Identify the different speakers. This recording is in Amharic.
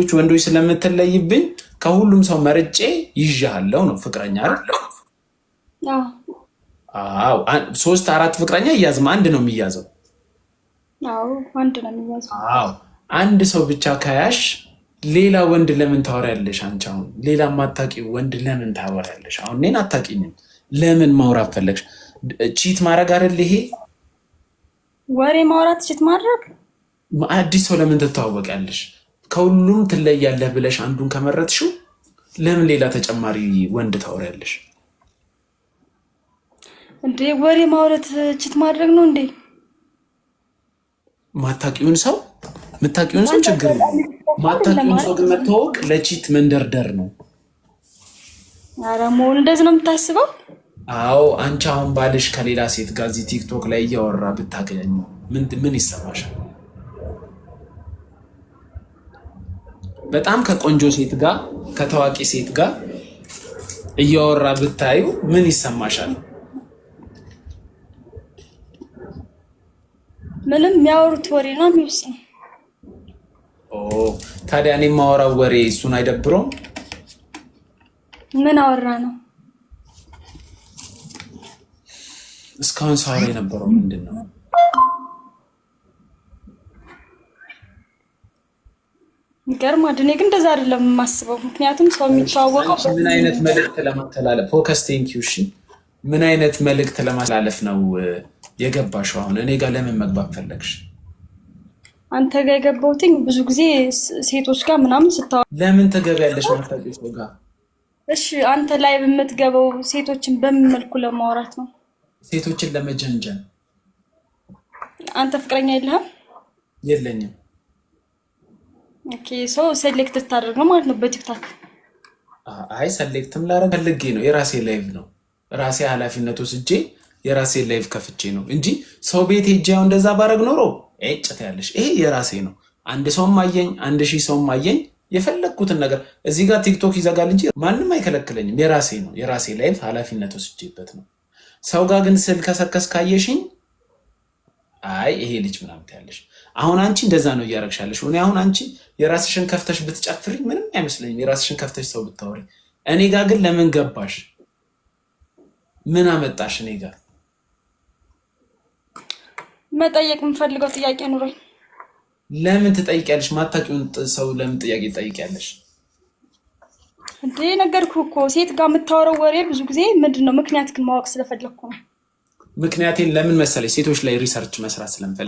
Speaker 1: ሴቶች ወንዶች ስለምትለይብኝ ከሁሉም ሰው መርጬ ይዣለው ነው ፍቅረኛ አይደለም። ሶስት አራት ፍቅረኛ እያዝም አንድ ነው የሚያዘው። አንድ ሰው ብቻ ከያሽ ሌላ ወንድ ለምን ታወሪያለሽ? አንቺ አሁን ሌላ ማታቂ ወንድ ለምን ታወሪያለሽ? አሁን እኔን አታቂኝም። ለምን ማውራት ፈለግሽ? ቺት ማድረግ አይደል ይሄ
Speaker 2: ወሬ ማውራት ቺት ማድረግ።
Speaker 1: አዲስ ሰው ለምን ትተዋወቂያለሽ? ከሁሉም ትለያለህ ብለሽ አንዱን ከመረጥሽው ለምን ሌላ ተጨማሪ ወንድ ታወሪያለሽ?
Speaker 2: እንዴ ወሬ ማውረት ችት ማድረግ ነው እንዴ?
Speaker 1: ማታቂውን ሰው ምታቂውን ሰው ችግር ነው። ማታቂውን ሰው ግን መታወቅ ለቺት መንደርደር ነው።
Speaker 2: ኧረ መሆን እንደዚህ ነው የምታስበው?
Speaker 1: አዎ አንቺ አሁን ባልሽ ከሌላ ሴት ጋር እዚህ ቲክቶክ ላይ እያወራ ብታገኝ ምን ምን ይሰማሻል? በጣም ከቆንጆ ሴት ጋር ከታዋቂ ሴት ጋር እያወራ ብታዩ ምን ይሰማሻል?
Speaker 2: ምንም የሚያወሩት ወሬ ነው
Speaker 1: ኦ ታዲያ እኔ የማወራው ወሬ እሱን አይደብረውም?
Speaker 2: ምን አወራ ነው
Speaker 1: እስካሁን ሳወራ የነበረው ምንድን ነው?
Speaker 2: ይገርማል። እኔ ግን እንደዛ አይደለም የማስበው፣ ምክንያቱም ሰው የሚተዋወቀው
Speaker 1: ምን አይነት መልእክት ለማስተላለፍ ፎከስ ቴንኪው። እሺ ምን አይነት መልእክት ለማስተላለፍ ነው የገባሽው? አሁን እኔ ጋር ለምን መግባት ፈለግሽ?
Speaker 2: አንተ ጋር የገባሁትኝ ብዙ ጊዜ ሴቶች ጋር ምናምን ስታ
Speaker 1: ለምን ተገቢያለሽ ሰው ጋር
Speaker 2: እሺ፣ አንተ ላይ በምትገበው ሴቶችን በምን መልኩ ለማውራት ነው?
Speaker 1: ሴቶችን ለመጀንጀን።
Speaker 2: አንተ ፍቅረኛ የለህም? የለኝም ኦኬ ሰው ሴሌክት ታደርግ ነው ማለት ነው በቲክታክ
Speaker 1: አይ ሰሌክትም ላረግ ፈልጌ ነው የራሴ ላይቭ ነው ራሴ ኃላፊነት ወስጄ የራሴ ላይቭ ከፍቼ ነው እንጂ ሰው ቤት ሄጃው እንደዛ ባረግ ኖሮ ጨት ያለሽ ይሄ የራሴ ነው አንድ ሰውም አየኝ አንድ ሺህ ሰውም አየኝ የፈለግኩትን ነገር እዚህ ጋር ቲክቶክ ይዘጋል እንጂ ማንም አይከለክለኝም የራሴ ነው የራሴ ላይቭ ኃላፊነት ወስጄበት ነው ሰው ጋር ግን ስል ከሰከስ ካየሽኝ አይ ይሄ ልጅ ምናምን ያለሽ አሁን አንቺ እንደዛ ነው እያረግሻለሽ። እኔ አሁን አንቺ የራስሽን ከፍተሽ ብትጨፍሪ ምንም አይመስለኝም፣ የራስሽን ከፍተሽ ሰው ብታወሪ። እኔ ጋር ግን ለምን ገባሽ? ምን አመጣሽ? እኔ ጋር
Speaker 2: መጠየቅ የምፈልገው ጥያቄ ኑሮኝ
Speaker 1: ለምን ትጠይቂያለሽ? ማታውቂውን ሰው ለምን ጥያቄ ትጠይቂያለሽ?
Speaker 2: እንዴ ነገርኩህ እኮ ሴት ጋር የምታወረው ወሬ ብዙ ጊዜ ምንድን ነው ምክንያት ግን ማወቅ ስለፈለግኩ ነው።
Speaker 1: ምክንያቴን ለምን መሰለሽ ሴቶች ላይ ሪሰርች መስራት ስለምፈልግ